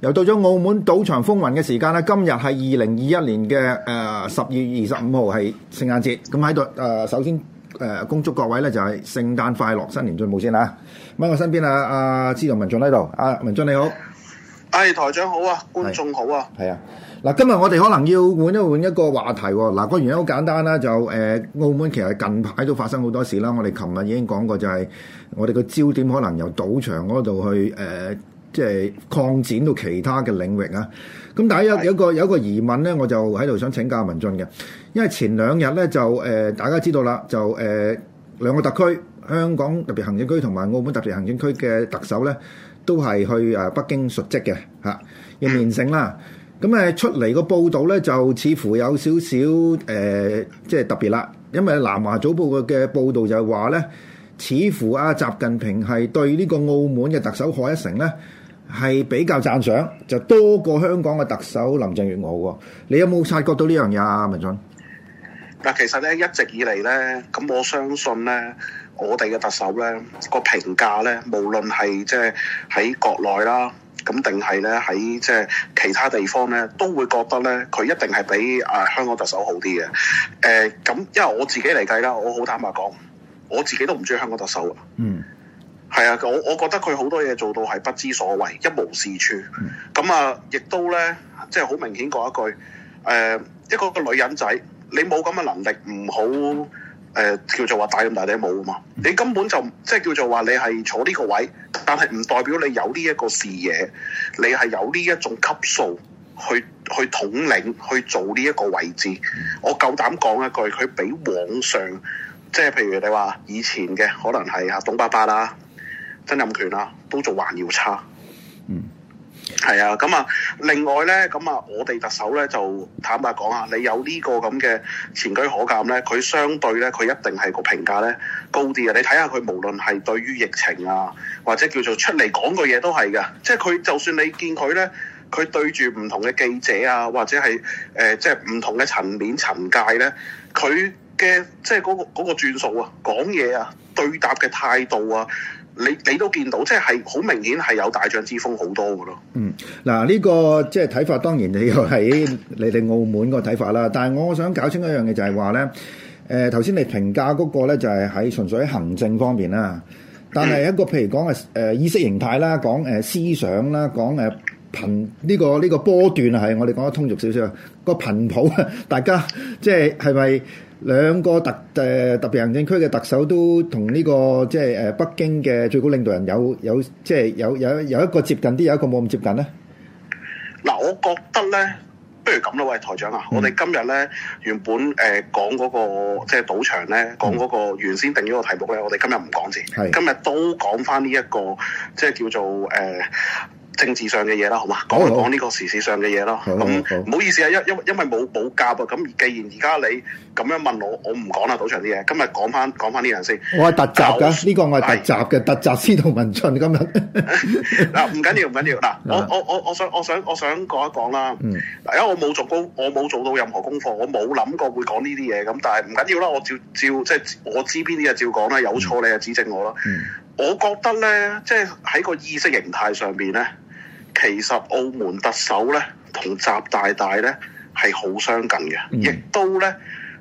又到咗澳門賭場風雲嘅時間啦！今、呃、日係二零二一年嘅誒十二月二十五號係聖誕節，咁喺度誒首先誒、呃、恭祝各位咧就係聖誕快樂、新年進步先啦！咁我身邊啊阿司徒文進喺度，啊，文進你好，係台長好啊，觀眾好啊，係啊！嗱、呃，今日我哋可能要換一換一個話題、啊，嗱、呃、個原因好簡單啦、啊，就誒、呃、澳門其實近排都發生好多事啦，我哋琴日已經講過、就是，就係我哋個焦點可能由賭場嗰度去誒。呃呃即係擴展到其他嘅領域啊！咁但係有個有個有個疑問咧，我就喺度想請教文進嘅，因為前兩日咧就誒、呃、大家知道啦，就誒、呃、兩個特區，香港特別行政區同埋澳門特別行政區嘅特首咧，都係去啊北京述職嘅嚇，應連城啦。咁誒、啊、出嚟個報道咧，就似乎有少少誒、呃、即係特別啦，因為南華早報嘅嘅報道就係話咧，似乎阿、啊、習近平係對呢個澳門嘅特首賀一誠咧。係比較讚賞，就多過香港嘅特首林鄭月娥喎、哦。你有冇察覺到呢樣嘢啊？文進，嗱，其實咧一直以嚟咧，咁我相信咧，我哋嘅特首咧個評價咧，無論係即係喺國內啦，咁、嗯、定係咧喺即係其他地方咧，都會覺得咧佢一定係比啊、呃、香港特首好啲嘅。誒、呃，咁因為我自己嚟計啦，我好坦白講，我自己都唔中意香港特首啊。嗯。係啊，我我覺得佢好多嘢做到係不知所謂，一無是處。咁啊，亦都咧，即係好明顯講一句，誒、呃、一個女人仔，你冇咁嘅能力，唔好誒、呃、叫做話帶咁大頂帽啊嘛。你根本就即係叫做話你係坐呢個位，但係唔代表你有呢一個視野，你係有呢一種級數去去統領去做呢一個位置。我夠膽講一句，佢比往上，即係譬如你話以前嘅可能係阿董伯伯啦。曾蔭權啦、啊，都做還要差，嗯，係啊，咁啊，另外咧，咁啊，我哋特首咧就坦白講啊，你有呢個咁嘅前車可鑑咧，佢相對咧，佢一定係個評價咧高啲嘅。你睇下佢無論係對於疫情啊，或者叫做出嚟講個嘢都係嘅，即係佢就算你見佢咧，佢對住唔同嘅記者啊，或者係誒、呃、即係唔同嘅層面層界咧，佢嘅即係嗰、那個嗰、那個轉數啊，講嘢啊。對答嘅態度啊，你你都見到，即係好明顯係有大將之風好多嘅咯。嗯，嗱呢、呢個即係睇法，當然你喺你哋澳門個睇法啦。但係我想搞清一樣嘢，就係話咧，誒頭先你評價嗰個咧，就係喺純粹喺行政方面啦。但係一個譬如講誒、呃、意識形態啦，講誒、呃、思想啦，講誒、呃、頻呢、呢個呢、呢個波段啊，係我哋講得通俗少少個頻譜啊，大家即係係咪？是兩個特誒、呃、特別行政區嘅特首都同呢、這個即係誒、呃、北京嘅最高領導人有有即係有有有一個接近啲，有一個冇咁接近咧。嗱，我覺得咧，不如咁啦，喂台長啊，嗯、我哋今日咧原本誒講嗰個即係賭場咧，講嗰個原先定咗個題目咧，我哋今日唔講先，是今日都講翻呢一個即係叫做誒。呃政治上嘅嘢啦，好嘛？講嚟講呢個時事上嘅嘢啦。咁唔好意思啊，因因為因為冇冇夾啊。咁既然而家你咁樣問我，我唔講啦，賭場啲嘢。今日講翻講翻呢樣先。我係突襲嘅，呢個我係突襲嘅，突襲司徒文進。今日嗱，唔緊要唔緊要嗱。我我我我想我想我想，我想講一講啦。嗱，因為我冇做過，我冇做到任何功課，我冇諗過會講呢啲嘢。咁但係唔緊要啦，我照照即係我知邊啲就照講啦。有錯你就指正我啦。嗯、我覺得咧，即係喺個意識形態上邊咧。其實澳門特首咧同習大大咧係好相近嘅，亦都咧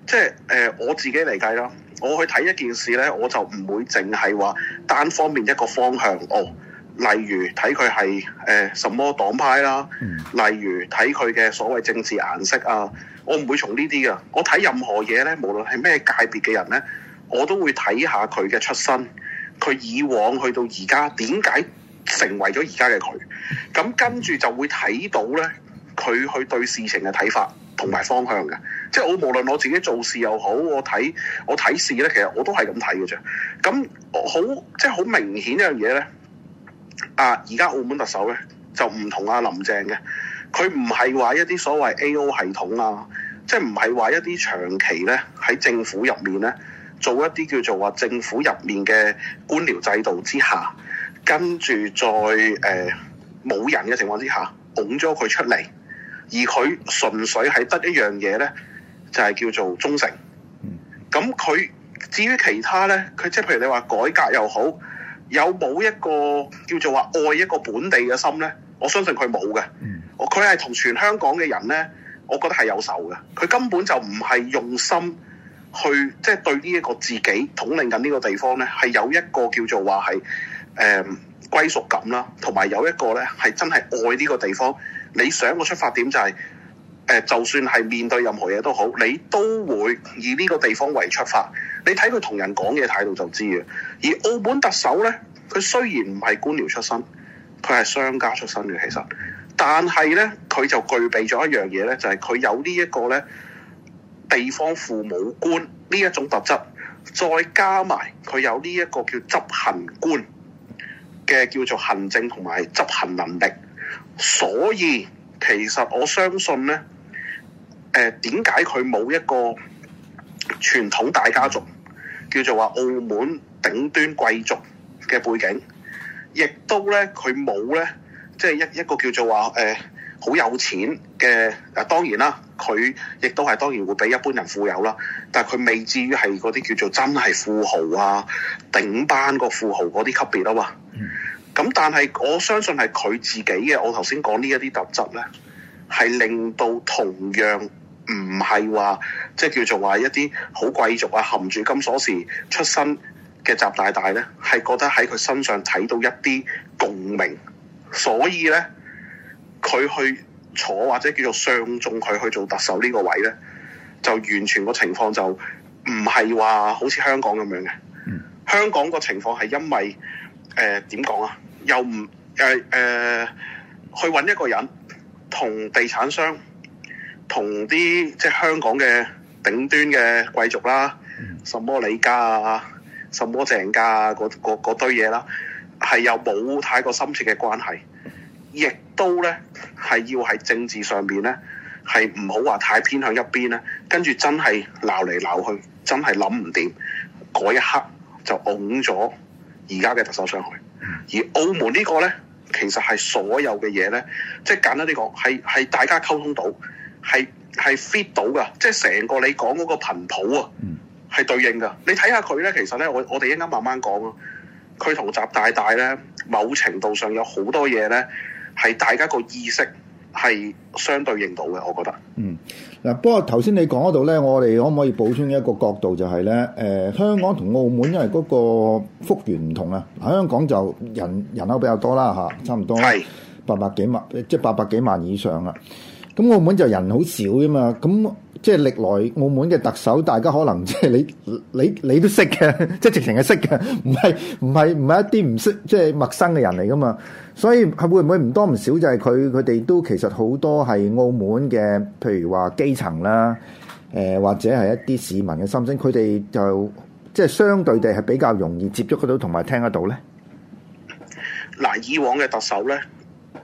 即係誒、呃、我自己嚟計咯。我去睇一件事咧，我就唔會淨係話單方面一個方向哦。例如睇佢係誒什麼黨派啦，例如睇佢嘅所謂政治顏色啊，我唔會從呢啲㗎。我睇任何嘢咧，無論係咩界別嘅人咧，我都會睇下佢嘅出身，佢以往去到而家點解成為咗而家嘅佢，咁跟住就會睇到咧，佢去對事情嘅睇法同埋方向嘅。即係我無論我自己做事又好，我睇我睇事咧，其實我都係咁睇嘅啫。咁好，即係好明顯一樣嘢咧。啊，而家澳門特首咧就唔同阿林鄭嘅，佢唔係話一啲所謂 AO 系統啊，即係唔係話一啲長期咧喺政府入面咧做一啲叫做話政府入面嘅官僚制度之下。跟住再誒冇、呃、人嘅情況之下，拱咗佢出嚟，而佢純粹係得一樣嘢咧，就係、是、叫做忠誠。咁佢至於其他咧，佢即係譬如你話改革又好，有冇一個叫做話愛一個本地嘅心咧？我相信佢冇嘅。佢係同全香港嘅人咧，我覺得係有仇嘅。佢根本就唔係用心去即係、就是、對呢一個自己統領緊呢個地方咧，係有一個叫做話係誒歸屬感啦，同埋有一個咧，係真係愛呢個地方。你想個出發點就係、是、誒、呃，就算係面對任何嘢都好，你都會以呢個地方為出發。你睇佢同人講嘅態度就知嘅。而澳門特首咧，佢雖然唔係官僚出身，佢係商家出身嘅，其實，但係咧，佢就具備咗一樣嘢咧，就係、是、佢有呢一個咧地方父母官呢一種特質，再加埋佢有呢一個叫執行官。嘅叫做行政同埋執行能力，所以其實我相信呢，誒，點解佢冇一個傳統大家族叫做話澳門頂端貴族嘅背景，亦都呢，佢冇呢，即係一一個叫做話誒好有錢嘅。當然啦，佢亦都係當然會比一般人富有啦，但係佢未至於係嗰啲叫做真係富豪啊，頂班個富豪嗰啲級別啊嘛～咁但係我相信係佢自己嘅，我頭先講呢一啲特質呢，係令到同樣唔係話即係叫做話一啲好貴族啊含，住金鎖匙出身嘅習大大呢，係覺得喺佢身上睇到一啲共鳴，所以呢，佢去坐或者叫做相中佢去做特首呢個位呢，就完全個情況就唔係話好似香港咁樣嘅。香港個情況係因為誒點講啊？呃又唔誒誒去揾一個人，同地產商、同啲即係香港嘅頂端嘅貴族啦，什麼李家啊，什麼鄭家啊，嗰嗰堆嘢啦，係又冇太過深切嘅關係，亦都咧係要喺政治上面咧係唔好話太偏向一邊咧，跟住真係鬧嚟鬧去，真係諗唔掂，嗰一刻就拱咗而家嘅特首上去。而澳門呢個咧，其實係所有嘅嘢咧，即係簡單啲講，係係大家溝通到，係係 fit 到噶，即係成個你講嗰個頻譜啊，係對應噶。你睇下佢咧，其實咧，我我哋一陣間慢慢講啊。佢同習大大咧，某程度上有好多嘢咧，係大家個意識。係相對應到嘅，我覺得。嗯，嗱、啊，不過頭先你講嗰度咧，我哋可唔可以補充一個角度、就係，就係咧，誒，香港同澳門因為嗰個幅員唔同啊，嗱，香港就人人口比較多啦，嚇，差唔多八百幾萬，即係八百幾萬以上啊，咁、嗯、澳門就人好少嘅嘛，咁、嗯。即係歷來澳門嘅特首，大家可能即係你你你都識嘅，即係直情係識嘅，唔係唔係唔係一啲唔識即係陌生嘅人嚟㗎嘛。所以係會唔會唔多唔少就，就係佢佢哋都其實好多係澳門嘅，譬如話基層啦，誒、呃、或者係一啲市民嘅心聲，佢哋就即係相對地係比較容易接觸得到同埋聽得到咧。嗱，以往嘅特首咧。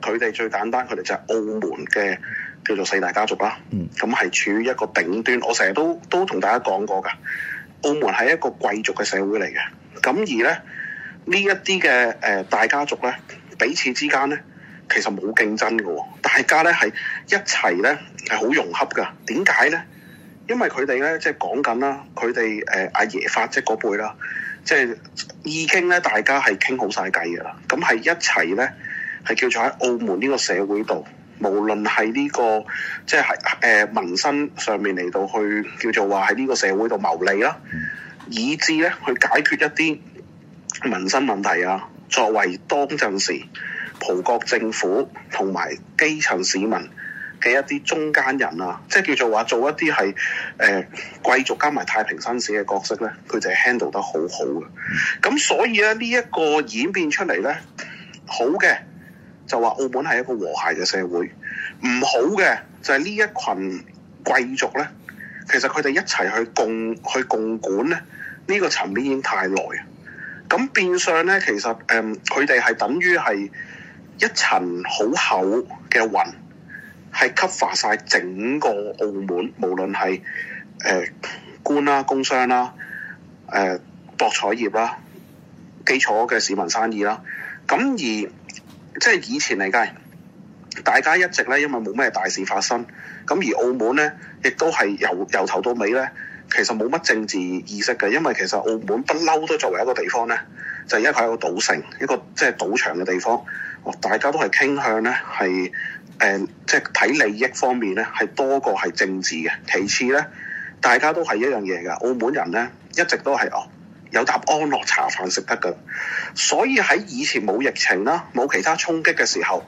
佢哋最簡單，佢哋就係澳門嘅叫做四大家族啦。咁係、嗯、處於一個頂端。我成日都都同大家講過㗎，澳門係一個貴族嘅社會嚟嘅。咁而咧呢一啲嘅誒大家族咧，彼此之間咧其實冇競爭㗎喎。大家咧係一齊咧係好融洽㗎。點解咧？因為佢哋咧即係講緊啦，佢哋誒阿爺發即係嗰輩啦，即係已經咧，大家係傾好晒計㗎啦。咁係一齊咧。係叫做喺澳門呢個社會度，無論係呢、呢個即係誒、呃、民生上面嚟到去叫做話喺呢個社會度牟利啦，以至咧去解決一啲民生問題啊。作為當陣時葡國政府同埋基層市民嘅一啲中間人啊，即係叫做話做一啲係誒貴族加埋太平紳士嘅角色咧，佢就係 handle 得好好嘅。咁所以咧呢一個演變出嚟咧，好嘅。就話澳門係一個和諧嘅社會，唔好嘅就係呢一群貴族咧，其實佢哋一齊去共去共管咧，呢、呢個層面已經太耐，咁變相咧，其實誒佢哋係等於係一層好厚嘅雲，係 cover 曬整個澳門，無論係誒、呃、官啦、啊、工商啦、啊、誒、呃、博彩業啦、啊、基礎嘅市民生意啦、啊，咁而。即係以前嚟計，大家一直咧，因為冇咩大事發生，咁而澳門咧，亦都係由由頭到尾咧，其實冇乜政治意識嘅，因為其實澳門不嬲都作為一個地方咧，就因為佢係一個賭城，一個即係、就是、賭場嘅地方，大家都係傾向咧，係誒，即係睇利益方面咧，係多過係政治嘅。其次咧，大家都係一樣嘢㗎，澳門人咧一直都係我。哦有搭安樂茶飯食得㗎，所以喺以前冇疫情啦，冇其他衝擊嘅時候，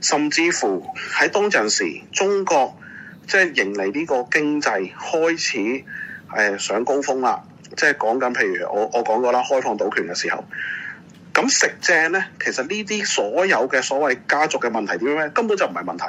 甚至乎喺當陣時，中國即係、就是、迎嚟呢個經濟開始誒、哎、上高峰啦，即係講緊譬如我我講過啦，開放賭權嘅時候，咁食正呢，其實呢啲所有嘅所謂家族嘅問題點樣呢？根本就唔係問題，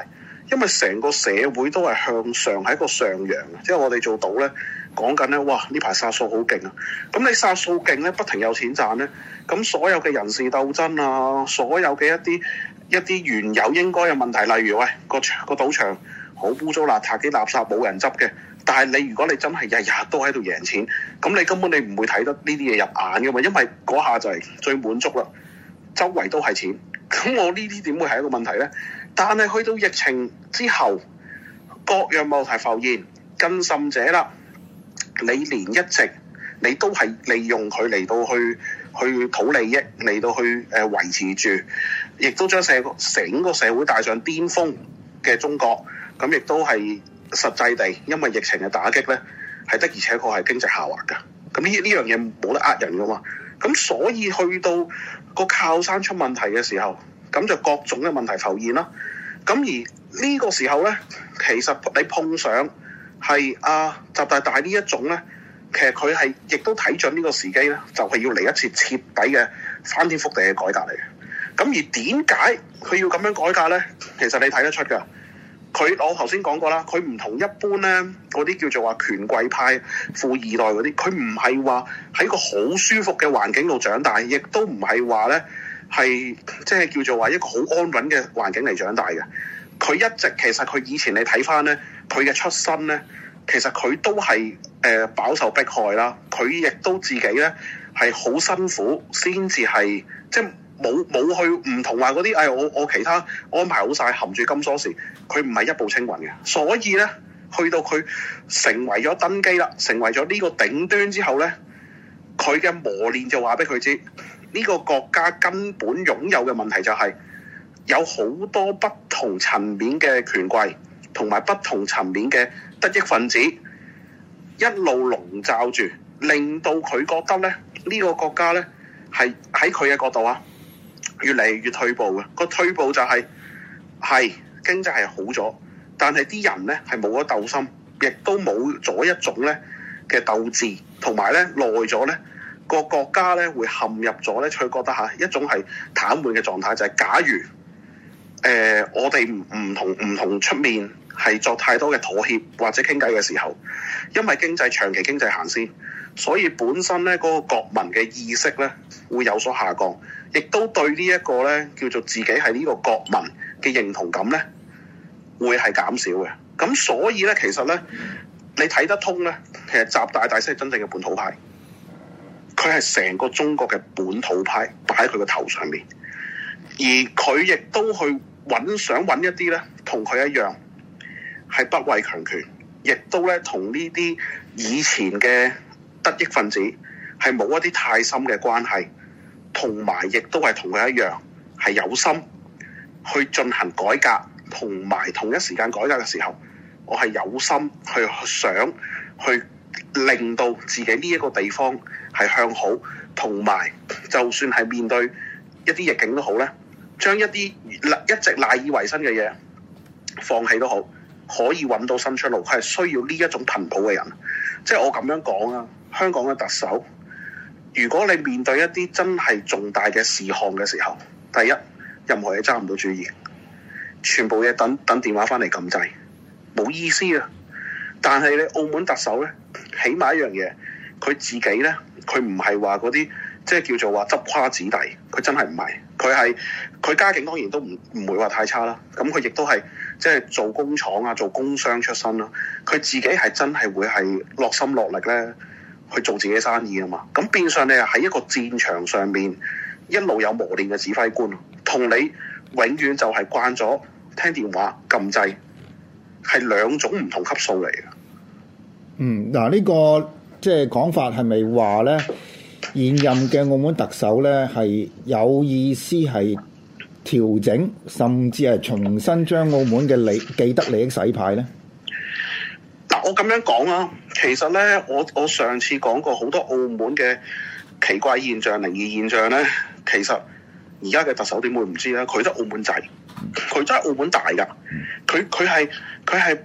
因為成個社會都係向上喺個上揚，即係我哋做到呢。講緊咧，哇！呢排殺數好勁啊！咁你殺數勁咧，不停有錢賺咧，咁所有嘅人事鬥爭啊，所有嘅一啲一啲原有應該有問題，例如喂，個場個賭場好污糟邋遢，啲垃圾冇人執嘅，但係你如果你真係日日都喺度贏錢，咁你根本你唔會睇得呢啲嘢入眼㗎嘛，因為嗰下就係最滿足啦，周圍都係錢，咁我呢啲點會係一個問題咧？但係去到疫情之後，各樣問題浮現，更甚者啦。你連一直你都係利用佢嚟到去去討利益，嚟到去誒、呃、維持住，亦都將社整個社會帶上巔峰嘅中國，咁亦都係實際地，因為疫情嘅打擊咧係得，的而且確係經濟下滑嘅。咁呢呢樣嘢冇得呃人噶嘛。咁所以去到個靠山出問題嘅時候，咁就各種嘅問題浮現啦。咁而呢個時候咧，其實你碰上。係啊，習大大呢一種咧，其實佢係亦都睇準呢個時機咧，就係要嚟一次徹底嘅翻天覆地嘅改革嚟嘅。咁而點解佢要咁樣改革咧？其實你睇得出㗎。佢我頭先講過啦，佢唔同一般咧嗰啲叫做話權貴派、富二代嗰啲，佢唔係話喺個好舒服嘅環境度長大，亦都唔係話咧係即係叫做話一個好安穩嘅環境嚟長大嘅。佢一直其實佢以前你睇翻咧。佢嘅出身呢，其實佢都係誒、呃、飽受迫害啦。佢亦都自己呢係好辛苦先至係，即係冇冇去唔同話嗰啲誒，我我其他安排好晒含住金鎖匙，佢唔係一步青雲嘅。所以呢，去到佢成為咗登基啦，成為咗呢個頂端之後呢，佢嘅磨練就話俾佢知，呢、這個國家根本擁有嘅問題就係、是、有好多不同層面嘅權貴。同埋不同層面嘅得益分子，一路籠罩住，令到佢覺得咧，呢、這個國家咧係喺佢嘅角度啊，越嚟越退步嘅。個退步就係、是、係經濟係好咗，但係啲人咧係冇咗鬥心，亦都冇咗一種咧嘅鬥志，同埋咧耐咗咧個國家咧會陷入咗咧，佢覺得嚇一,一種係癱瘓嘅狀態，就係、是、假如誒、呃、我哋唔唔同唔同出面。係作太多嘅妥協或者傾偈嘅時候，因為經濟長期經濟行先，所以本身咧嗰個國民嘅意識咧會有所下降，亦都對呢一個咧叫做自己係呢個國民嘅認同感咧會係減少嘅。咁所以咧，其實咧你睇得通咧，其實習大大先係真正嘅本土派，佢係成個中國嘅本土派擺喺佢嘅頭上面，而佢亦都去揾想揾一啲咧同佢一樣，係不畏強權，亦都咧同呢啲以前嘅得益分子係冇一啲太深嘅關係，同埋亦都係同佢一樣係有心去進行改革，同埋同一時間改革嘅時候，我係有心去想去令到自己呢一個地方係向好，同埋就算係面對一啲逆境都好咧，將一啲一直賴以為生嘅嘢放棄都好。可以揾到新出路，佢係需要呢一種頻賭嘅人。即係我咁樣講啊，香港嘅特首，如果你面對一啲真係重大嘅事項嘅時候，第一任何嘢揸唔到主意，全部嘢等等電話翻嚟撳掣，冇意思啊！但係你澳門特首咧，起碼一樣嘢，佢自己咧，佢唔係話嗰啲即係叫做話紈絝子弟，佢真係唔係，佢係，佢家境當然都唔唔會話太差啦。咁佢亦都係。即係做工廠啊，做工商出身咯，啊。佢自己係真係會係落心落力咧去做自己嘅生意啊嘛。咁變相你係喺一個戰場上面一路有磨練嘅指揮官，同你永遠就係慣咗聽電話撳掣，係兩種唔同級數嚟嘅。嗯，嗱、這個就是、呢個即係講法係咪話咧現任嘅澳門特首咧係有意思係？調整甚至係重新將澳門嘅既得利益洗牌咧？嗱，我咁樣講啊，其實咧，我我上次講過好多澳門嘅奇怪現象、靈異現象咧，其實而家嘅特首點會唔知咧？佢都係澳門仔，佢都喺澳門大噶，佢佢係佢係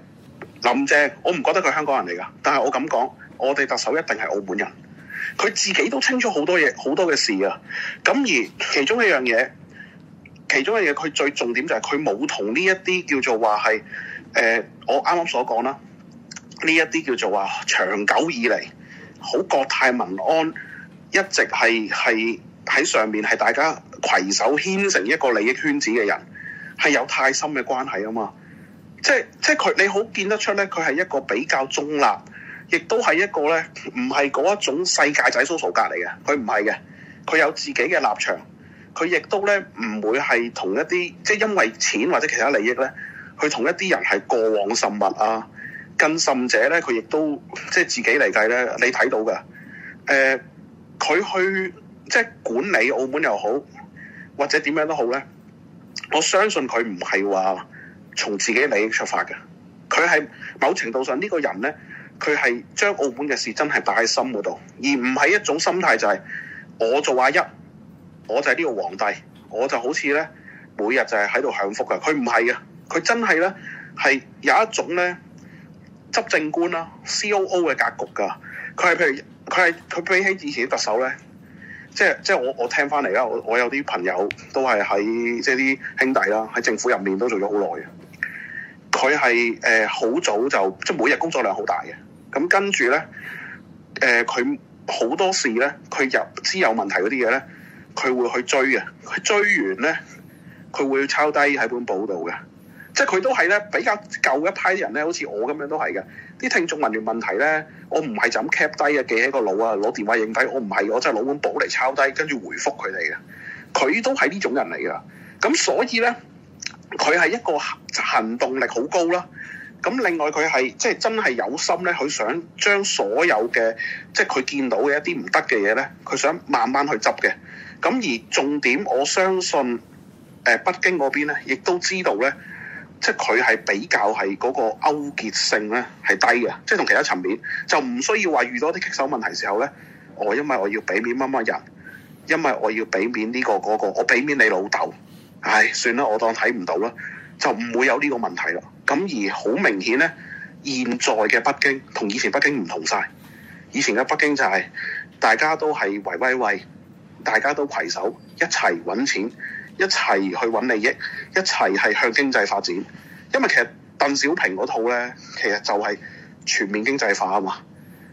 林鄭，我唔覺得佢係香港人嚟噶，但係我咁講，我哋特首一定係澳門人，佢自己都清楚好多嘢好多嘅事啊！咁而其中一樣嘢。其中一樣嘢，佢最重點就係佢冇同呢一啲叫做話係，誒、呃，我啱啱所講啦，呢一啲叫做話長久以嚟，好國泰民安，一直係係喺上面係大家攜手牽成一個利益圈子嘅人，係有太深嘅關係啊嘛，即係即係佢你好見得出咧，佢係一個比較中立，亦都係一個咧唔係嗰一種世界仔 social 嚟嘅，佢唔係嘅，佢有自己嘅立場。佢亦都咧唔會係同一啲，即係因為錢或者其他利益咧，佢同一啲人係過往甚密啊，更甚者咧，佢亦都即係自己嚟計咧，你睇到噶，誒、呃，佢去即係管理澳門又好，或者點樣都好咧，我相信佢唔係話從自己利益出發嘅，佢係某程度上呢個人咧，佢係將澳門嘅事真係擺喺心嗰度，而唔係一種心態就係我做阿一。我就係呢個皇帝，我就好似咧每日就係喺度享福㗎。佢唔係嘅，佢真係咧係有一種咧執政官啦，COO 嘅格局㗎。佢係譬如佢係佢比起以前啲特首咧，即係即係我我聽翻嚟啦，我我有啲朋友都係喺即係啲兄弟啦，喺政府入面都做咗好耐嘅。佢係誒好早就即係每日工作量好大嘅。咁跟住咧，誒佢好多事咧，佢入知有問題嗰啲嘢咧。佢會去追嘅，佢追完咧，佢會抄低喺本簿度嘅，即係佢都係咧比較舊一派啲人咧，好似我咁樣都係嘅。啲聽眾問完問題咧，我唔係就咁 cap 低啊，記喺個腦啊，攞電話影低。我唔係，我真係攞本簿嚟抄低，跟住回覆佢哋嘅。佢都係呢種人嚟嘅。咁所以咧，佢係一個行動力好高啦。咁另外佢係即係真係有心咧，佢想將所有嘅即係佢見到嘅一啲唔得嘅嘢咧，佢想慢慢去執嘅。咁而重點，我相信、呃、北京嗰邊咧，亦都知道咧，即係佢係比較係嗰個勾結性咧係低嘅，即係同其他層面就唔需要話遇到啲棘手問題時候咧，我因為我要俾面乜乜人，因為我要俾面呢個嗰個，我俾面你老豆，唉，算啦，我當睇唔到啦，就唔會有呢個問題啦。咁而好明顯咧，現在嘅北京同以前北京唔同晒。以前嘅北京就係、是、大家都係圍威喂。大家都携手一齊揾錢，一齊去揾利益，一齊係向經濟發展。因為其實鄧小平嗰套咧，其實就係全面經濟化啊嘛，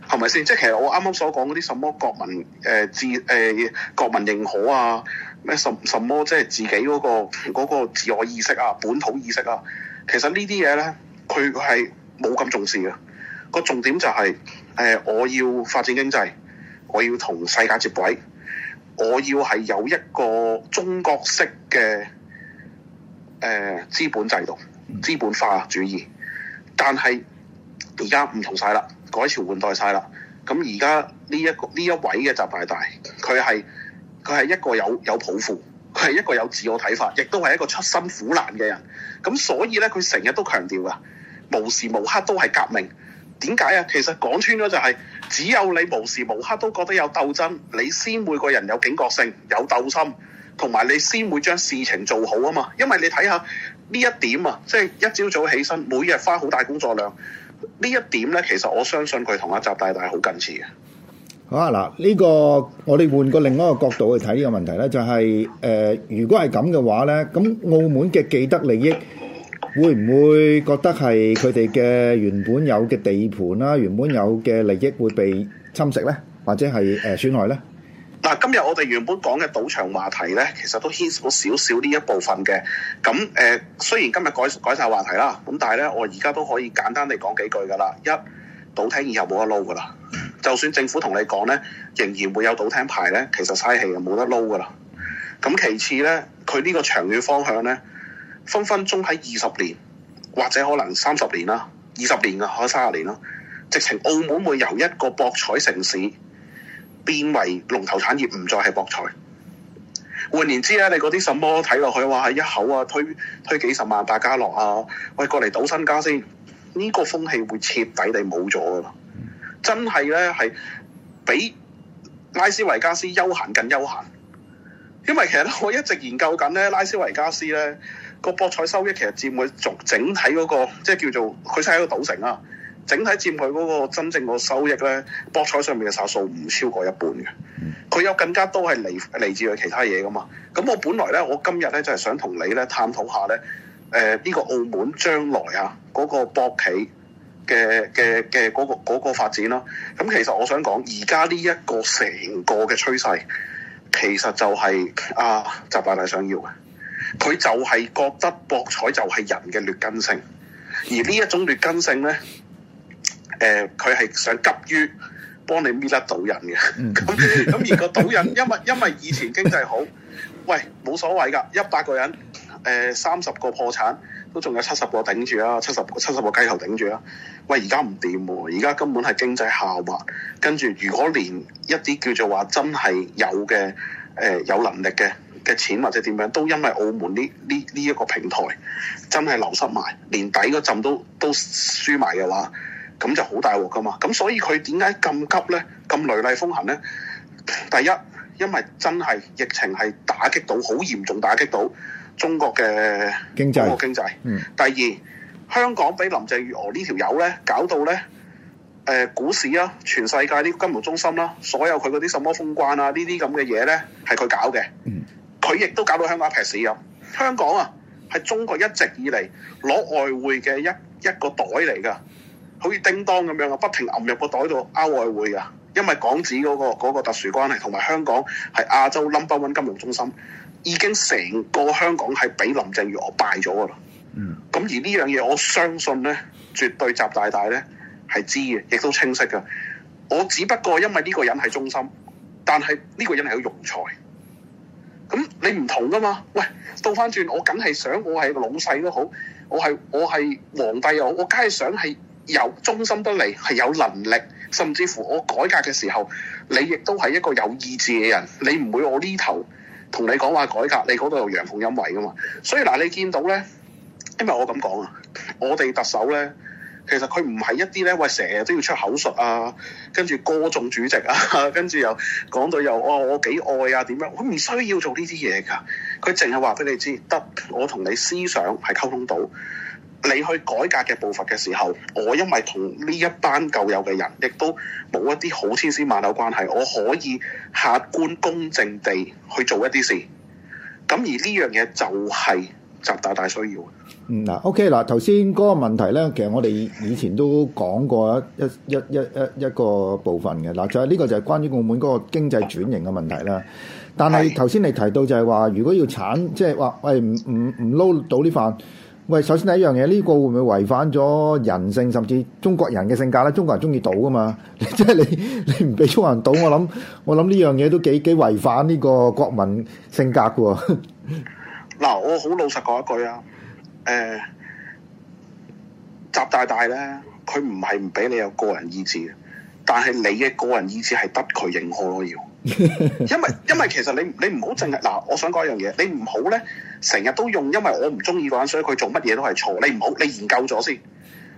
係咪先？即、就、係、係、其實我啱啱所講嗰啲什麼國民誒、呃、自誒、呃、國民認可啊，咩什什麼即係自己嗰、嗰個嗰、嗰個自我意識啊、本土意識啊，其實呢啲嘢咧，佢係冇咁重視嘅。個重點就係、係、誒、呃、我要發展經濟，我要同世界接軌。我要係有一個中國式嘅誒資本制度、資本化主義，但係而家唔同晒啦，改朝換代晒啦。咁而家呢一個呢一位嘅習大大，佢係佢係一個有有抱負，佢係一個有自我睇法，亦都係一個出身苦難嘅人。咁、嗯、所以咧，佢成日都強調噶，無時無刻都係革命。點解啊？其實講穿咗就係，只有你無時無刻都覺得有鬥爭，你先每個人有警覺性、有鬥心，同埋你先會將事情做好啊嘛。因為你睇下呢一點啊，即係一朝早起身，每日花好大工作量，呢一點咧，其實我相信佢同阿習大大好近似嘅。好啊，嗱，呢個我哋換個另一個角度去睇呢個問題咧，就係誒，如果係咁嘅話咧，咁澳門嘅既得利益。會唔會覺得係佢哋嘅原本有嘅地盤啦，原本有嘅利益會被侵蝕呢？或者係誒損害呢？嗱，今日我哋原本講嘅賭場話題呢，其實都牽涉到少少呢一部分嘅。咁誒、呃，雖然今日改改曬話題啦，咁但係呢，我而家都可以簡單地講幾句噶啦。一賭廳以後冇得撈噶啦，就算政府同你講呢，仍然會有賭廳牌呢，其實嘥氣就冇得撈噶啦。咁其次呢，佢呢個長遠方向呢。分分鐘喺二十年，或者可能三十年啦，二十年啊，可能三十年啦，直情澳門會由一個博彩城市變為龍頭產業，唔再係博彩。換言之咧，你嗰啲什麼睇落去話係一口啊，推推幾十萬百家樂啊，喂過嚟賭身家先，呢個風氣會徹底地冇咗噶啦！真係咧，係比拉斯維加斯悠閒更悠閒，因為其實咧，我一直研究緊咧拉斯維加斯咧。個博彩收益其實佔佢總整體嗰、那個，即係叫做佢身喺個賭城啊，整體佔佢嗰個真正個收益咧，博彩上面嘅手數唔超過一半嘅。佢有更加多係嚟嚟自佢其他嘢噶嘛。咁我本來咧，我今日咧就係、是、想同你咧探討下咧，誒、呃、呢、這個澳門將來啊嗰、那個博企嘅嘅嘅嗰個嗰個發展啦、啊。咁其實我想講，而家呢一個成個嘅趨勢，其實就係、是、啊，習大大想要嘅。佢就係覺得博彩就係人嘅劣根性，而呢一種劣根性呢，誒，佢係想急於幫你搣甩賭人嘅。咁 咁而個賭人，因為因為以前經濟好，喂，冇所謂噶，一百個人誒，三十個破產，都仲有七十個頂住啦，七十七十個雞頭頂住啦。喂，而家唔掂喎，而家、啊、根本係經濟下滑。跟住如果連一啲叫做話真係有嘅誒、呃、有能力嘅。嘅錢或者點樣都因為澳門呢呢呢一個平台真係流失埋年底嗰陣都都輸埋嘅話，咁就好大鑊噶嘛。咁所以佢點解咁急咧、咁雷厲風行咧？第一，因為真係疫情係打擊到好嚴重，打擊到中國嘅經濟，中國經濟。嗯。第二，香港俾林鄭月娥呢條友咧搞到咧，誒、呃、股市啊，全世界啲金融中心啦、啊，所有佢嗰啲什麼封關啊這這呢啲咁嘅嘢咧係佢搞嘅。嗯。佢亦都搞到香港劈死咁，香港啊係中國一直以嚟攞外匯嘅一一個袋嚟㗎，好似叮噹咁樣啊，不停揞入個袋度拗外匯啊！因為港紙嗰個嗰個特殊關係，同埋香港係亞洲 number one 金融中心，已經成個香港係俾林鄭月娥敗咗㗎啦。嗯，咁而呢樣嘢我相信咧，絕對習大大咧係知嘅，亦都清晰嘅。我只不過因為呢個人係忠心，但係呢個人係個庸才。咁你唔同噶嘛？喂，倒翻轉，我梗係想我係老細都好，我係我係皇帝又好，我梗係想係有忠心得嚟，係有能力，甚至乎我改革嘅時候，你亦都係一個有意志嘅人，你唔會我呢頭同你講話改革，你嗰度有陽奉陰違噶嘛？所以嗱，你見到咧，因為我咁講啊，我哋特首咧。其實佢唔係一啲咧，喂成日都要出口術啊，跟住歌頌主席啊，跟住又講到又，哦，我幾愛啊點樣？佢唔需要做呢啲嘢㗎，佢淨係話俾你知，得我同你思想係溝通到，你去改革嘅步伐嘅時候，我因為同呢一班舊友嘅人，亦都冇一啲好千絲萬縷關係，我可以客觀公正地去做一啲事。咁而呢樣嘢就係習大大需要。嗯嗱，OK 嗱，頭先嗰個問題咧，其實我哋以前都講過一一一一一一個部分嘅嗱，就係呢個就係關於澳門嗰個經濟轉型嘅問題啦。但係頭先你提到就係話，如果要鏟，即係話，喂唔唔唔撈到呢飯，喂，首先第一樣嘢，呢、這個會唔會違反咗人性，甚至中國人嘅性格咧？中國人中意賭噶嘛？即 係你你唔俾中國人賭，我諗我諗呢樣嘢都幾幾違反呢個國民性格噶喎。嗱， 我好老實講一句啊！誒、呃，習大大咧，佢唔係唔俾你有個人意志嘅，但係你嘅個人意志係得佢認可咯要，因為因為其實你你唔好淨係嗱，我想講一樣嘢，你唔好咧成日都用，因為我唔中意嗰個人，所以佢做乜嘢都係錯。你唔好你研究咗先，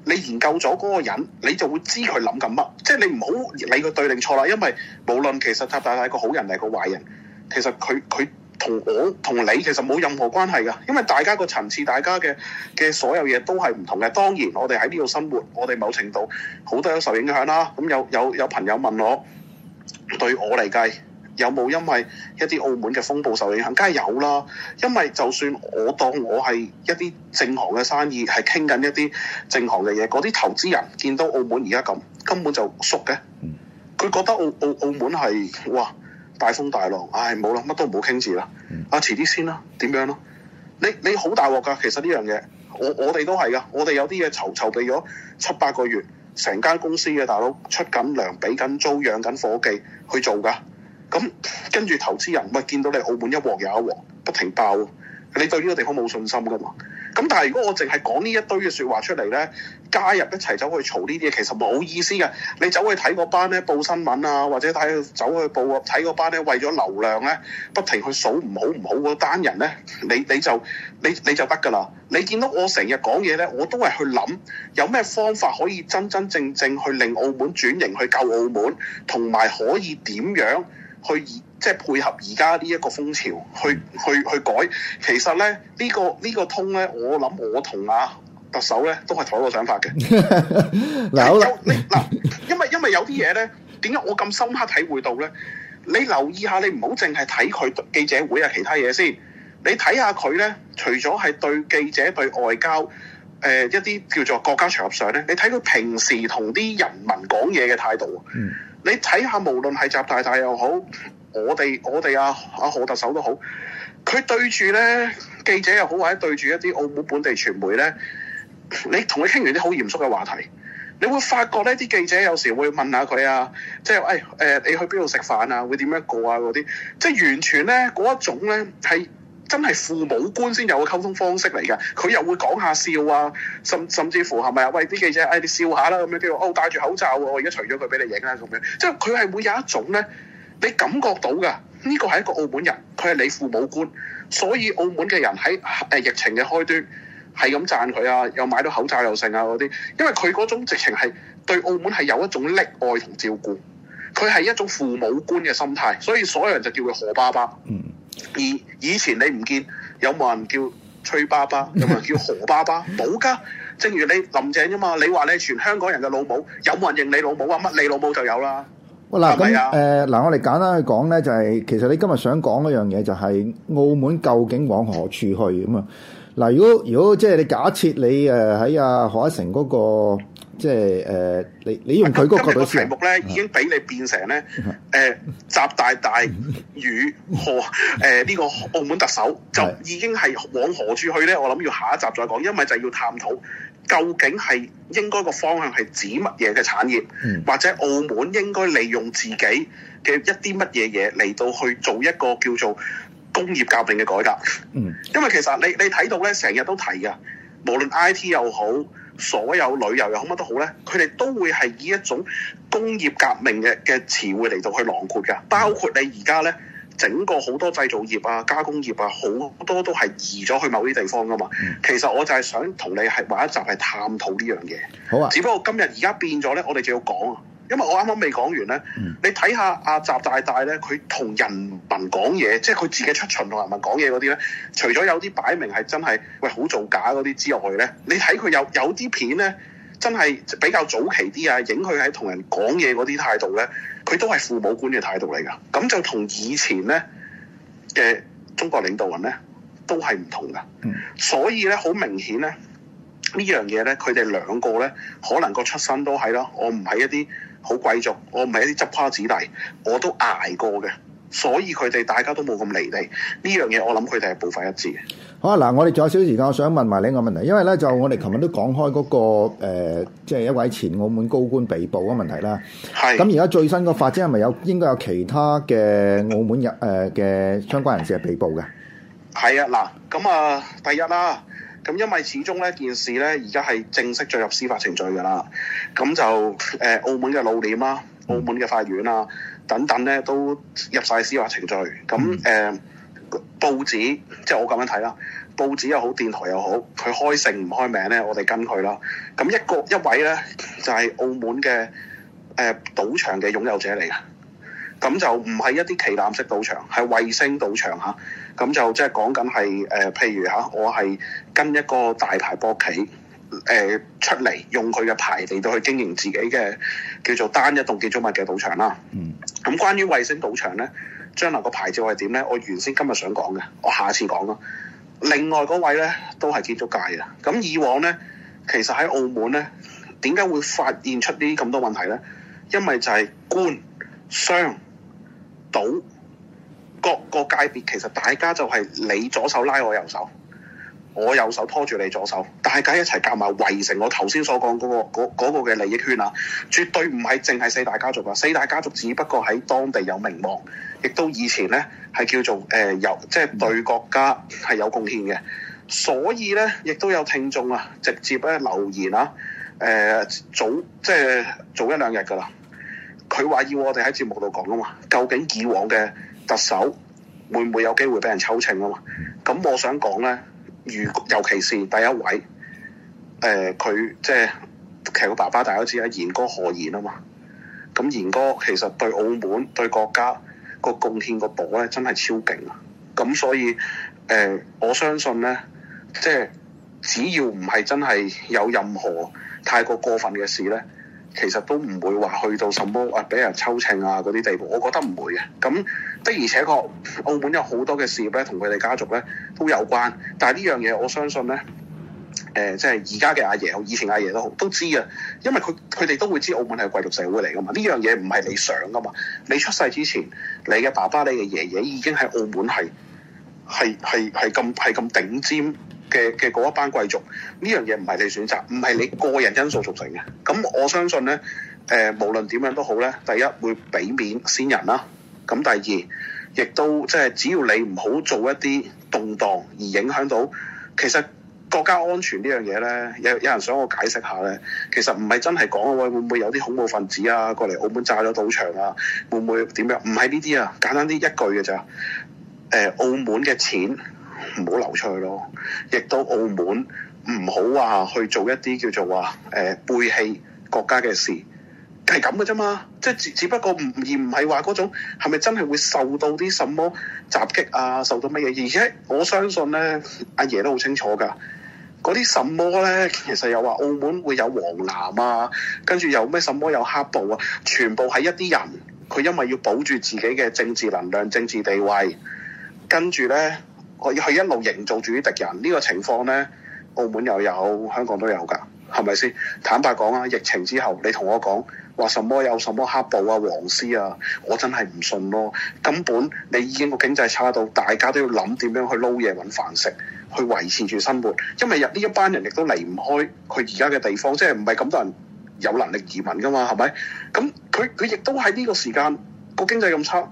你研究咗嗰個人，你就會知佢諗緊乜，即係你唔好理佢對定錯啦。因為無論其實習大大係個好人定係個壞人，其實佢佢。同我同你其實冇任何關係㗎，因為大家個層次、大家嘅嘅所有嘢都係唔同嘅。當然，我哋喺呢度生活，我哋某程度好多都受影響啦。咁、嗯、有有有朋友問我，對我嚟計，有冇因為一啲澳門嘅風暴受影響？梗係有啦，因為就算我當我係一啲正行嘅生意，係傾緊一啲正行嘅嘢，嗰啲投資人見到澳門而家咁，根本就縮嘅。佢覺得澳澳澳，澳門係哇～大風大浪，唉，冇啦，乜都唔好傾住啦。嗯、啊，遲啲先啦、啊，點樣咯、啊？你你好大鑊㗎，其實呢樣嘢，我我哋都係㗎，我哋有啲嘢籌籌備咗七八個月，成間公司嘅大佬出緊糧，俾緊租，養緊伙計去做㗎。咁跟住投資人咪、啊、見到你澳門一鑊又一鑊，不停爆，你對呢個地方冇信心㗎嘛？咁但係如果我淨係講呢一堆嘅説話出嚟咧，加入一齊走去嘈呢啲嘢，其實冇意思嘅。你走去睇嗰班咧報新聞啊，或者睇走去報睇嗰班咧，為咗流量咧，不停去數唔好唔好嗰單人咧，你你就你你就得㗎啦。你見到我成日講嘢咧，我都係去諗有咩方法可以真真正正去令澳門轉型去救澳門，同埋可以點樣？去即係配合而家呢一個風潮，去去去改。其實咧，呢、這個呢、這個通咧，我諗我同阿特首咧都係同一個想法嘅。嗱，有你嗱，因為因為有啲嘢咧，點解我咁深刻體會到咧？你留意下，你唔好淨係睇佢記者會啊，其他嘢先。你睇下佢咧，除咗係對記者、對外交、誒、呃、一啲叫做國家場合上咧，你睇佢平時同啲人民講嘢嘅態度啊。嗯你睇下，無論係習大大又好，我哋我哋阿阿何特首都好，佢對住咧記者又好，或者對住一啲澳門本地傳媒咧，你同佢傾完啲好嚴肅嘅話題，你會發覺呢啲記者有時會問下佢啊，即係誒誒，你去邊度食飯啊，會點樣過啊嗰啲，即係完全咧嗰一種咧係。真係父母官先有嘅溝通方式嚟㗎，佢又會講下笑啊，甚甚至乎係咪啊？喂啲記者，哎你笑下啦咁樣，啲哦戴住口罩喎，我而家除咗佢俾你影啦咁樣，即係佢係會有一種咧，你感覺到㗎，呢個係一個澳門人，佢係你父母官，所以澳門嘅人喺誒、呃、疫情嘅開端係咁讚佢啊，又買到口罩又剩啊嗰啲，因為佢嗰種直情係對澳門係有一種溺愛同照顧，佢係一種父母官嘅心態，所以所有人就叫佢何爸爸。嗯。.而以前你唔見有冇人叫崔爸爸，有冇人叫何爸爸？冇噶。 正如你林鄭啊嘛，你話你係全香港人嘅老母，有冇人認你老母啊？乜你老母就有啦。嗱咁誒，嗱、啊呃呃、我哋簡單去講咧，就係其實你今日想講嗰樣嘢就係、是、澳門究竟往何處去咁啊？嗱、嗯呃，如果如果即係你假設你誒喺阿何一成嗰、那個。即係誒、呃，你你用佢嗰個角度個題目咧、嗯、已經俾你變成咧誒，習、呃、大大與何誒呢個澳門特首就已經係往何處去咧？我諗要下一集再講，因為就係要探討究竟係應該個方向係指乜嘢嘅產業，嗯、或者澳門應該利用自己嘅一啲乜嘢嘢嚟到去做一個叫做工業革命嘅改革。嗯，因為其實你你睇到咧，成日都提噶，無論 I T 又好。所有旅遊又好乜都好咧，佢哋都會係以一種工業革命嘅嘅詞彙嚟到去囊括㗎，包括你而家咧整個好多製造業啊、加工業啊，好多都係移咗去某啲地方㗎嘛。嗯、其實我就係想同你係玩一集係探討呢樣嘢，好啊。只不過今日而家變咗咧，我哋就要講啊。因為我啱啱未講完咧，你睇下阿習大大咧，佢同人民講嘢，即係佢自己出巡同人民講嘢嗰啲咧，除咗有啲擺明係真係喂好造假嗰啲之外咧，你睇佢有有啲片咧，真係比較早期啲啊，影佢喺同人講嘢嗰啲態度咧，佢都係父母官嘅態度嚟噶，咁就同以前咧嘅中國領導人咧都係唔同噶，所以咧好明顯咧呢樣嘢咧，佢哋兩個咧可能個出身都係囉，我唔係一啲。好貴族，我唔係一啲執垮子弟，我都捱過嘅，所以佢哋大家都冇咁離地。呢樣嘢我諗佢哋係步伐一致嘅。好啊，嗱，我哋仲有少少時間，我想問埋另一個問題，因為咧就我哋琴日都講開嗰、嗰個即係、呃即係、一位前澳門高官被捕嘅問題啦。係是。咁而家最新個發展係咪有應該有其他嘅澳門入誒嘅相關人士係被捕嘅？係啊，嗱，咁啊，第一啦、啊。咁因為始終呢件事呢，而家係正式進入司法程序㗎啦，咁就誒澳門嘅老廉啦、澳門嘅、啊、法院啊等等呢都入晒司法程序。咁誒、呃、報紙即係我咁樣睇啦，報紙又好、電台又好，佢開姓唔開名呢，我哋跟佢啦。咁一個一位呢，就係、是、澳門嘅誒、呃、賭場嘅擁有者嚟嘅，咁就唔係一啲旗艦式賭場，係衞星賭場嚇。咁就即係講緊係誒，譬如嚇、啊，我係跟一個大、呃、牌博企誒出嚟，用佢嘅牌嚟到去經營自己嘅叫做單一棟建築物嘅賭場啦。嗯。咁、啊、關於衛星賭場咧，將來個牌照係點咧？我原先今日想講嘅，我下次講咯。另外嗰位咧都係建築界嘅。咁、啊、以往咧，其實喺澳門咧，點解會發現出呢啲咁多問題咧？因為就係官商賭。各個界別其實大家就係你左手拉我右手，我右手拖住你左手，大家一齊夾埋圍成我頭先所講嗰、嗰個嘅、嗰、嗰個、利益圈啊！絕對唔係淨係四大家族啊！四大家族只不過喺當地有名望，亦都以前呢係叫做誒有、呃、即係對國家係有貢獻嘅，所以呢，亦都有聽眾啊直接咧留言啊誒、呃、早即係早一兩日㗎啦，佢話要我哋喺節目度講啊嘛，究竟以往嘅，特首會唔會有機會俾人抽秤啊嘛？咁我想講咧，如尤其是第一位，誒、呃、佢即係其實個爸爸，大家都知啊，賢哥何賢啊嘛。咁賢哥其實對澳門對國家個貢獻個薄咧，真係超勁啊！咁所以誒、呃，我相信咧，即係只要唔係真係有任何太過過分嘅事咧。其實都唔會話去到什麼啊，俾人抽稱啊嗰啲地步，我覺得唔會嘅。咁的而且確，澳門有好多嘅事業咧，同佢哋家族咧都有關。但係呢樣嘢，我相信咧，誒即係而家嘅阿爺，以前阿爺都好都知啊。因為佢佢哋都會知澳門係貴族社會嚟噶嘛。呢樣嘢唔係你想噶嘛。你出世之前，你嘅爸爸、你嘅爺爺已經喺澳門係。係係係咁係咁頂尖嘅嘅嗰一班貴族，呢樣嘢唔係你選擇，唔係你個人因素造成嘅。咁我相信呢，誒、呃、無論點樣都好呢，第一會俾面先人啦。咁第二，亦都即係、就是、只要你唔好做一啲動盪而影響到，其實國家安全呢樣嘢呢，有有人想我解釋下呢，其實唔係真係講喂，會唔會有啲恐怖分子啊過嚟澳門炸咗賭場啊？會唔會點樣？唔係呢啲啊，簡單啲一,一句嘅咋。呃、澳門嘅錢唔好流出去咯，亦都澳門唔好話去做一啲叫做話誒、呃、背棄國家嘅事，係咁嘅啫嘛。即係只不過唔而唔係話嗰種係咪真係會受到啲什麼襲擊啊？受到乜嘢？而且我相信呢，阿爺，爺都好清楚㗎。嗰啲什麼呢？其實又話澳門會有黃藍啊，跟住又咩什麼有黑暴啊，全部係一啲人佢因為要保住自己嘅政治能量、政治地位。跟住咧，我要去一路營造住啲敵人，呢個情況咧，澳門又有，香港都有㗎，係咪先？坦白講啊，疫情之後，你同我講話什麼有什麼黑暴啊、黃絲啊，我真係唔信咯。根本你已經個經濟差到，大家都要諗點樣去撈嘢揾飯食，去維持住生活。因為呢一班人亦都離唔開佢而家嘅地方，即係唔係咁多人有能力移民㗎嘛？係咪？咁佢佢亦都喺呢個時間個經濟咁差。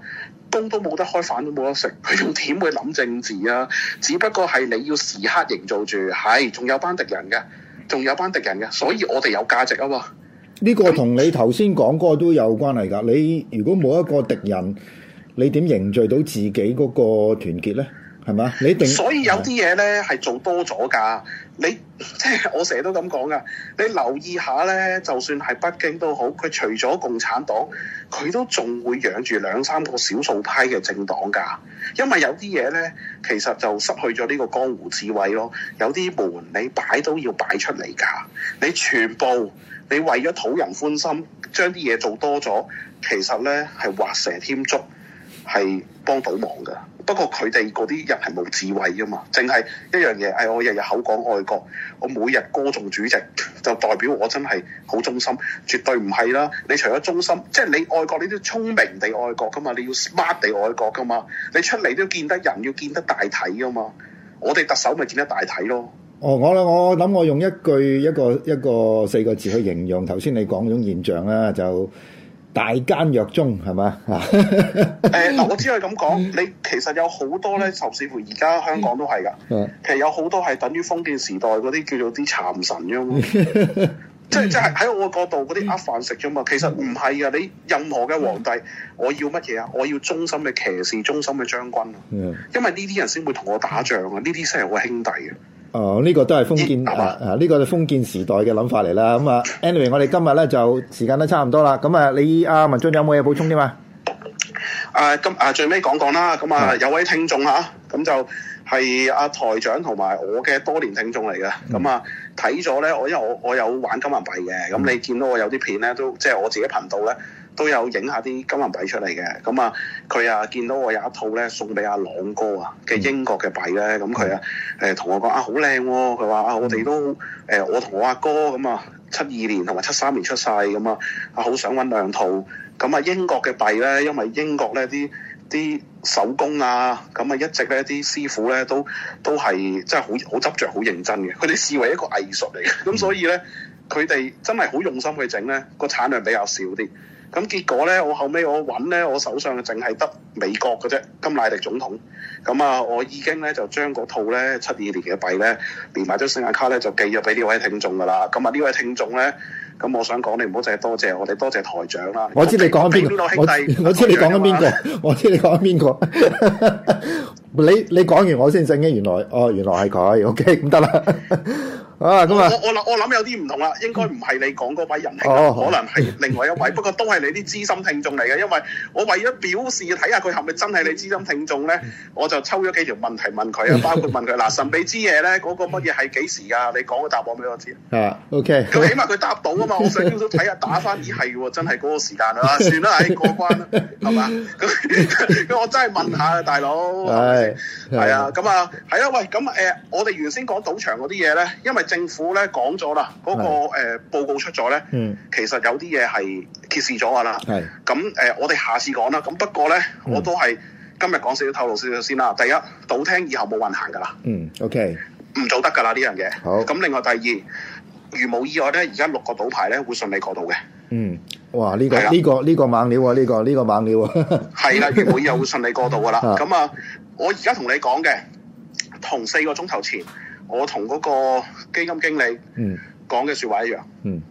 工都冇得開飯，飯都冇得食，佢仲點會諗政治啊？只不過係你要時刻營造住，係仲有班敵人嘅，仲有班敵人嘅，所以我哋有價值啊！呢個同你頭先講嗰個都有關係噶。你如果冇一個敵人，你點凝聚到自己嗰個團結呢？係嘛？你定所以有啲嘢咧係做多咗㗎。你即係我成日都咁講㗎。你留意下咧，就算係北京都好，佢除咗共產黨，佢都仲會養住兩三個少數派嘅政黨㗎。因為有啲嘢咧，其實就失去咗呢個江湖智慧咯。有啲門你擺都要擺出嚟㗎。你全部你為咗討人歡心，將啲嘢做多咗，其實咧係畫蛇添足。係幫倒忙㗎，不過佢哋嗰啲人係冇智慧㗎嘛，淨係一樣嘢，誒，我日日口講愛國，我每日歌頌主席，就代表我真係好忠心，絕對唔係啦。你除咗忠心，即係你愛國，你都要聰明地愛國㗎嘛，你要 smart 地愛國㗎嘛，你出嚟都要見得人，要見得大體㗎嘛。我哋特首咪見得大體咯。哦，我我諗我用一句一個一個，一個四個字去形容頭先你講嗰種現象啦，就。大奸若忠係嘛？嚇！誒 嗱、呃，我只可以咁講，你其實有好多咧，就似乎而家香港都係噶。其實有好多係等於封建時代嗰啲叫做啲讒臣，咁 即係即係喺我個角度嗰啲呃飯食啫嘛。其實唔係噶，你任何嘅皇帝，我要乜嘢啊？我要忠心嘅騎士、忠心嘅將軍啊！因為呢啲人先會同我打仗啊！呢啲先係我兄弟啊！哦，呢、這個都係封建是是啊！呢、這個係封建時代嘅諗法嚟啦。咁、嗯、啊，anyway，我哋今日咧就時間都差唔多啦。咁啊，你阿文進有冇嘢補充添嘛？啊，今啊最尾講講啦。咁啊，有位聽眾啊，咁就係阿、啊、台長同埋我嘅多年聽眾嚟嘅。咁啊，睇咗咧，我因為我我有玩金銀幣嘅，咁、啊、你見到我有啲片咧，都即係我自己頻道咧。都有影下啲金銀幣出嚟嘅，咁啊佢啊，見到我有一套咧送俾阿朗哥啊嘅英國嘅幣咧，咁佢啊誒同、呃、我講啊好靚喎，佢話、哦嗯、啊我哋都誒、呃、我同我阿哥咁啊七二年同埋七三年出世咁啊，啊好想揾兩套，咁啊英國嘅幣咧，因為英國咧啲啲手工啊，咁啊一直咧啲師傅咧都都係真係好好執着、好認真嘅，佢哋視為一個藝術嚟嘅，咁所以咧佢哋真係好用心去整咧，個產量比較少啲。咁結果咧，我後尾我揾咧，我手上淨係得美國嘅啫，金奈迪總統。咁、嗯、啊，我已經咧就將嗰套咧七二年嘅幣咧，連埋張聖誕卡咧就寄咗俾呢位聽眾噶啦。咁、嗯、啊，呢位聽眾咧，咁、嗯、我想講你唔好淨係多謝，我哋多謝，謝台長啦。我知你講邊個兄弟？我知你講緊邊個？我知你講緊邊個？你講 你，你講完我先醒嘅，原來哦，原來係佢。OK，唔得啦。 啊，咁啊！我我諗我諗有啲唔同啦，應該唔係你講嗰位人嚟，可能係另外一位，不過都係你啲資深聽眾嚟嘅，因為我為咗表示睇下佢係咪真係你資深聽眾咧，我就抽咗幾條問題問佢啊，包括問佢嗱神秘之夜咧，嗰個乜嘢係幾時啊？你講個答案俾我知啊。O K。咁起碼佢答到啊嘛，我上朝早睇下打翻啲係喎，真係嗰個時間啦，算啦，唉，過關啦，係嘛？咁我真係問下大佬，係係啊，咁啊，係啦，喂，咁誒，我哋原先講賭場嗰啲嘢咧，因為。政府咧講咗啦，嗰個誒報告出咗咧，其實有啲嘢係揭示咗㗎啦。係咁誒，我哋下次講啦。咁不過咧，我都係今日講少少透露少少先啦。第一，賭廳以後冇運行㗎啦。嗯，OK，唔做得㗎啦呢樣嘢。好。咁另外第二，如無意外咧，而家六個賭牌咧會順利過渡嘅。嗯，哇！呢個呢個呢個猛料啊！呢個呢個猛料啊！係啦，原本又會順利過渡㗎啦。咁啊，我而家同你講嘅，同四個鐘頭前。我同嗰個基金經理講嘅說話一樣，嗯，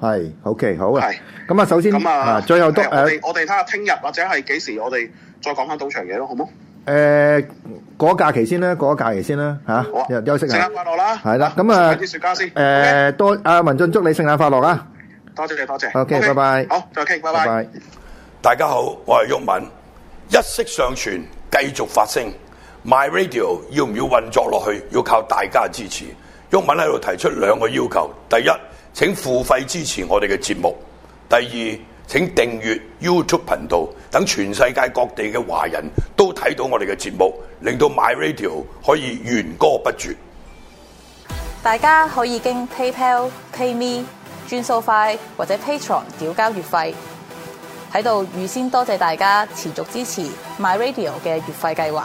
係，OK，好啊，係，咁啊，首先，咁啊，最後都我哋我哋睇下聽日或者係幾時，我哋再講翻賭場嘢咯，好唔好？誒，過咗假期先啦，過咗假期先啦，吓，好啊，休息，下，聖誕快樂啦，係啦，咁啊，啲雪茄先，誒，多，阿文進祝你聖誕快樂啊，多謝你，多謝，OK，拜拜，好，再見，拜拜，大家好，我係毓民，一息尚存，繼續發聲。My Radio 要唔要運作落去，要靠大家支持。毓民喺度提出兩個要求：第一，請付費支持我哋嘅節目；第二，請訂閱 YouTube 頻道，等全世界各地嘅華人都睇到我哋嘅節目，令到 My Radio 可以弦歌不絕。大家可以經 PayPal、PayMe 轉數快，或者 Patreon 繳交月費。喺度預先多謝大家持續支持 My Radio 嘅月費計劃。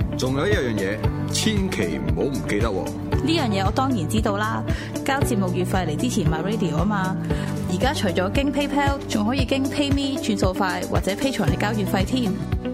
仲有一樣嘢，千祈唔好唔記得喎！呢樣嘢我當然知道啦，交節目月費嚟支持 MyRadio 啊嘛！而家除咗經 PayPal，仲可以經 PayMe 轉數快，或者 Patreon 嚟交月費添。